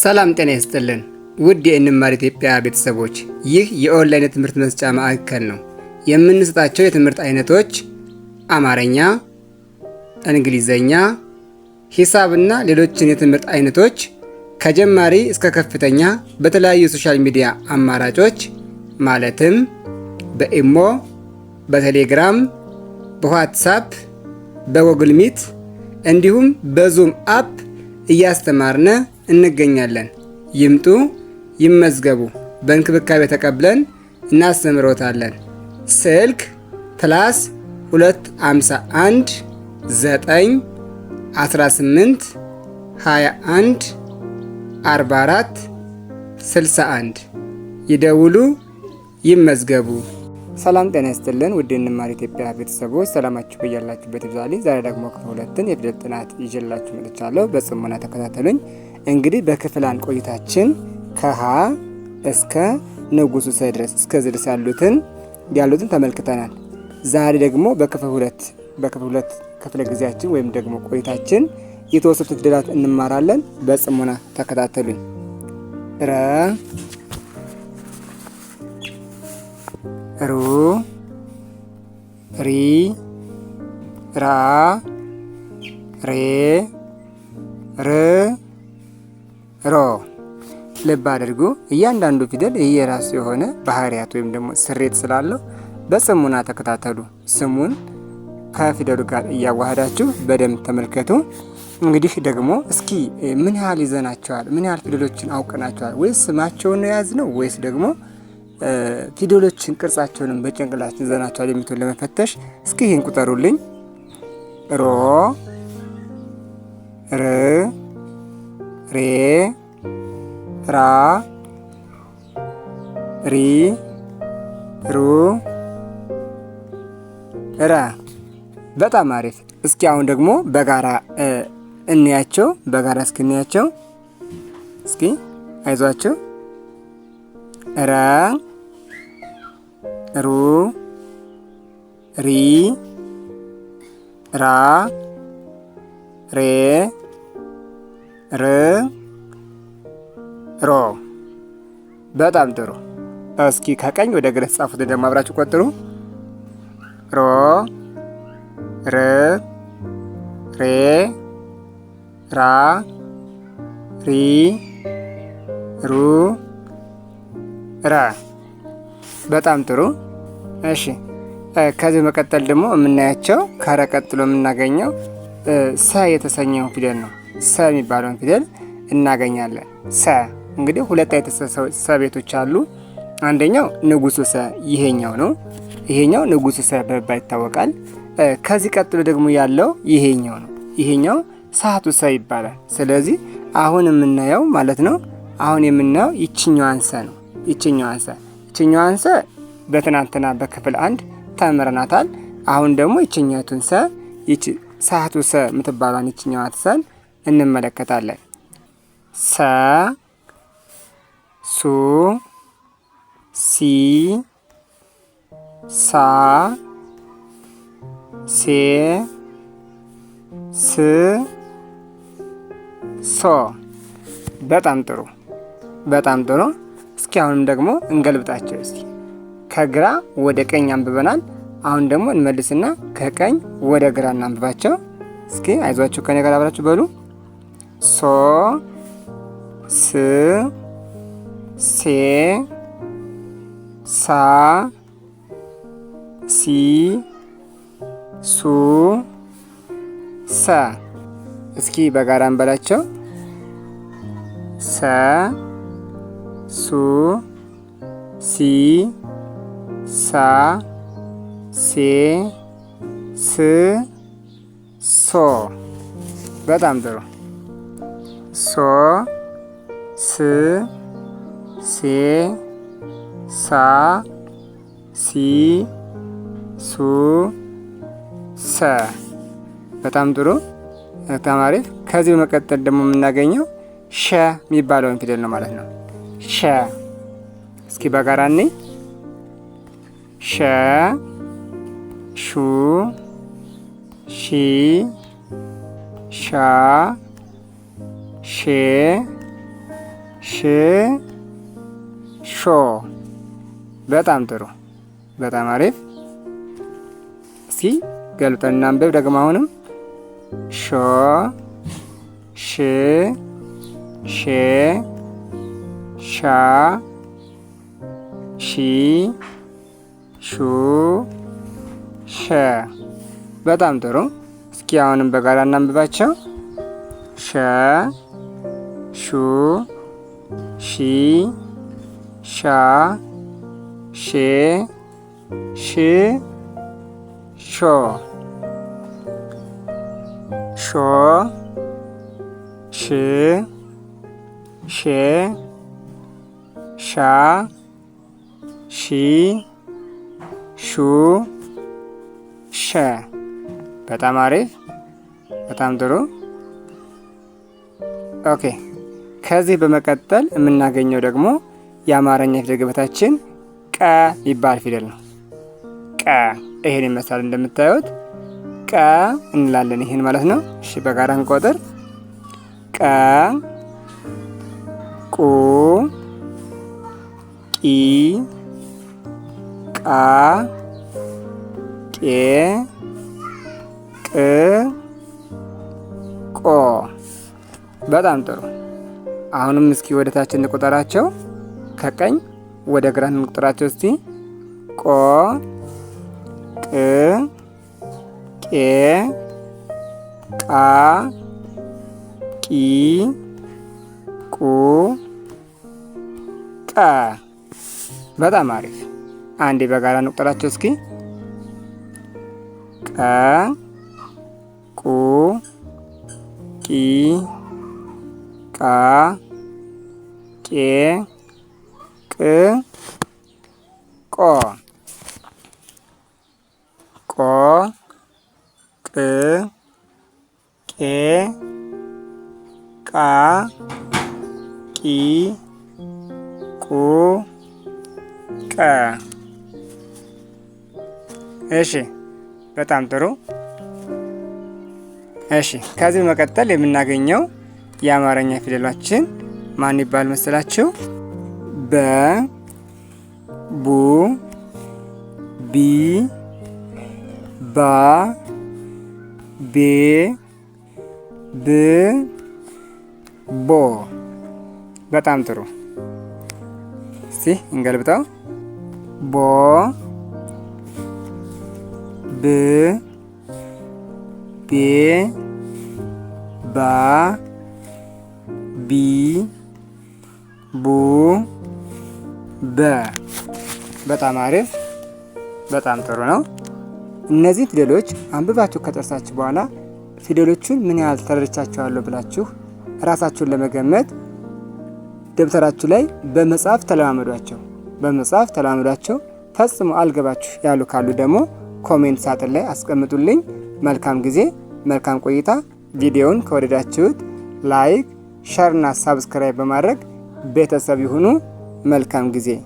ሰላም ጤና ይስጥልን ውድ የእንማር ኢትዮጵያ ቤተሰቦች፣ ይህ የኦንላይን የትምህርት መስጫ ማዕከል ነው። የምንሰጣቸው የትምህርት አይነቶች አማርኛ፣ እንግሊዘኛ፣ ሂሳብና ሌሎችን የትምህርት አይነቶች ከጀማሪ እስከ ከፍተኛ በተለያዩ የሶሻል ሚዲያ አማራጮች ማለትም በኢሞ፣ በቴሌግራም፣ በዋትሳፕ፣ በጎግል ሚት እንዲሁም በዙም አፕ እያስተማርነ እንገኛለን። ይምጡ፣ ይመዝገቡ። በእንክብካቤ ተቀብለን እናስተምሮታለን። ስልክ ፕላስ 251 9 18 21 44 61 ይደውሉ፣ ይመዝገቡ። ሰላም ጤና ይስጥልን ውድ እንማር ኢትዮጵያ ቤተሰቦች ሰላማችሁ በያላችሁበት ይብዛልኝ። ዛሬ ደግሞ ክፍል ሁለትን የፊደል ጥናት ይዤላችሁ መጥቻለሁ። በጽሞና ተከታተሉኝ። እንግዲህ በክፍል አንድ ቆይታችን ከሀ እስከ ንጉሱ ሰ ድረስ እስከ ዝርስ ያሉትን ያሉትን ተመልክተናል። ዛሬ ደግሞ በክፍል ሁለት በክፍል ሁለት ክፍለ ጊዜያችን ወይም ደግሞ ቆይታችን የተወሰኑት ፊደላት እንማራለን። በጽሙና ተከታተሉኝ። ረ ሩ ሪ ራ ሬ ር ሮ ልብ አድርጉ። እያንዳንዱ ፊደል የየራሱ የሆነ ባህሪያት ወይም ደግሞ ስሬት ስላለው በጽሙና ተከታተሉ። ስሙን ከፊደሉ ጋር እያዋሃዳችሁ በደንብ ተመልከቱ። እንግዲህ ደግሞ እስኪ ምን ያህል ይዘናቸዋል? ምን ያህል ፊደሎችን አውቀናቸዋል? ወይስ ስማቸውን ነው የያዝነው? ወይስ ደግሞ ፊደሎችን ቅርጻቸውንም በጭንቅላችን ይዘናቸዋል የሚትሆን ለመፈተሽ እስኪ ይህን ቁጠሩልኝ። ሮ ር ሬ ራ ሪ ሩ ረ በጣም አሪፍ። እስኪ አሁን ደግሞ በጋራ እንያቸው። በጋራ እስኪ እስኪ አይዟችሁ ረ ሩ ሪ ራ ሬ ር ሮ በጣም ጥሩ። እስኪ ከቀኝ ወደ ግራ የተጻፉትን ደግሞ አብራችሁ ቆጥሩ። ሮ ር ሬ ራ ሪ ሩ ራ። በጣም ጥሩ። እሺ ከዚህ መቀጠል ደግሞ የምናያቸው ከረ ቀጥሎ የምናገኘው ሰ የተሰኘውን ፊደል ነው። ሰ የሚባለውን ፊደል እናገኛለን። ሰ እንግዲህ ሁለት አይነት ሰ ቤቶች አሉ። አንደኛው ንጉሱ ሰ ይሄኛው ነው። ይሄኛው ንጉሱ ሰ በመባል ይታወቃል። ከዚህ ቀጥሎ ደግሞ ያለው ይሄኛው ነው። ይሄኛው ሳቱ ሰ ይባላል። ስለዚህ አሁን የምናየው ማለት ነው አሁን የምናየው ይችኛዋን ሰ ነው። ይችኛዋን ሰ ይችኛዋን ሰ በትናንትና በክፍል አንድ ተምረናታል። አሁን ደግሞ ይችኛቱን ሰ ሳቱ ሰ የምትባሏን ይችኛዋት ሰን እንመለከታለን ሰ ሱ ሲ ሳ ሴ ስ ሶ። በጣም ጥሩ በጣም ጥሩ። እስኪ አሁንም ደግሞ እንገልብጣቸው እስቲ። ከግራ ወደ ቀኝ አንብበናል። አሁን ደግሞ እንመልስና ከቀኝ ወደ ግራ እናንብባቸው። እስኪ አይዟችሁ ከኔ ጋር አብራችሁ በሉ ሶ ስ ሴ ሳ ሲ ሱ ሰ። እስኪ በጋራ እንበላቸው። ሰ ሱ ሲ ሳ ሴ ስ ሶ። በጣም ጥሩ ሶ ስ ሴ ሳ ሲ ሱ ሰ። በጣም ጥሩ ተማሪ። ከዚህ በመቀጠል ደግሞ የምናገኘው ሸ የሚባለውን ፊደል ነው ማለት ነው። ሸ እስኪ በጋራ እኔ ሸ ሹ ሺ ሻ ሼ ሽ ሾ። በጣም ጥሩ፣ በጣም አሪፍ። እስኪ ገልብጠን እናንብብ ደግሞ አሁንም ሾ ሽ ሼ ሻ ሺ ሹ ሸ። በጣም ጥሩ። እስኪ አሁንም በጋራ እናንብባቸው። ሸ ሹ ሺ ሻ ሼ ሽ ሾ ሾ ሽ ሼ ሻ ሺ ሹ ሸ። በጣም አሪፍ፣ በጣም ጥሩ። ኦኬ ከዚህ በመቀጠል የምናገኘው ደግሞ የአማርኛ ፊደል ገበታችን ቀ የሚባል ፊደል ነው። ቀ ይሄን ይመስላል እንደምታዩት ቀ እንላለን። ይሄን ማለት ነው። እሺ በጋራ እንቆጥር። ቀ ቁ ቂ ቃ ቄ ቅ ቆ። በጣም ጥሩ። አሁንም እስኪ ወደታችን እንቆጠራቸው። ከቀኝ ወደ ግራ እንቁጥራቸው እስቲ ቆ ቅ ቄ ቃ ቂ ቁ ቀ። በጣም አሪፍ። አንዴ በጋራ እንቁጠራቸው እስኪ ቀ ቁ ቂ ቃ ቄ ቆ ቆ ቅ ቄ ቃ ቂ ቁ ቀ። እሺ፣ በጣም ጥሩ። እሺ፣ ከዚህ በመቀጠል የምናገኘው የአማርኛ ፊደላችን ማን ይባል መሰላችሁ? በ ቡ ቢ ባ ቤ ብ ቦ። በጣም ጥሩ። እስቲ እንገልብጠው። ቦ ብ ቤ ባ ቢ ቡ በ በጣም አሪፍ በጣም ጥሩ ነው። እነዚህ ፊደሎች አንብባችሁ ከጠርሳችሁ በኋላ ፊደሎቹን ምን ያህል ተረድቻችኋለሁ ብላችሁ ራሳችሁን ለመገመት ደብተራችሁ ላይ በመጻፍ ተለማመዷቸው። በመጻፍ ተለማመዷቸው። ፈጽሞ አልገባችሁ ያሉ ካሉ ደግሞ ኮሜንት ሳጥን ላይ አስቀምጡልኝ። መልካም ጊዜ፣ መልካም ቆይታ። ቪዲዮውን ከወደዳችሁት ላይክ፣ ሸርና ሳብስክራይብ በማድረግ ቤተሰብ ይሁኑ። መልካም ጊዜ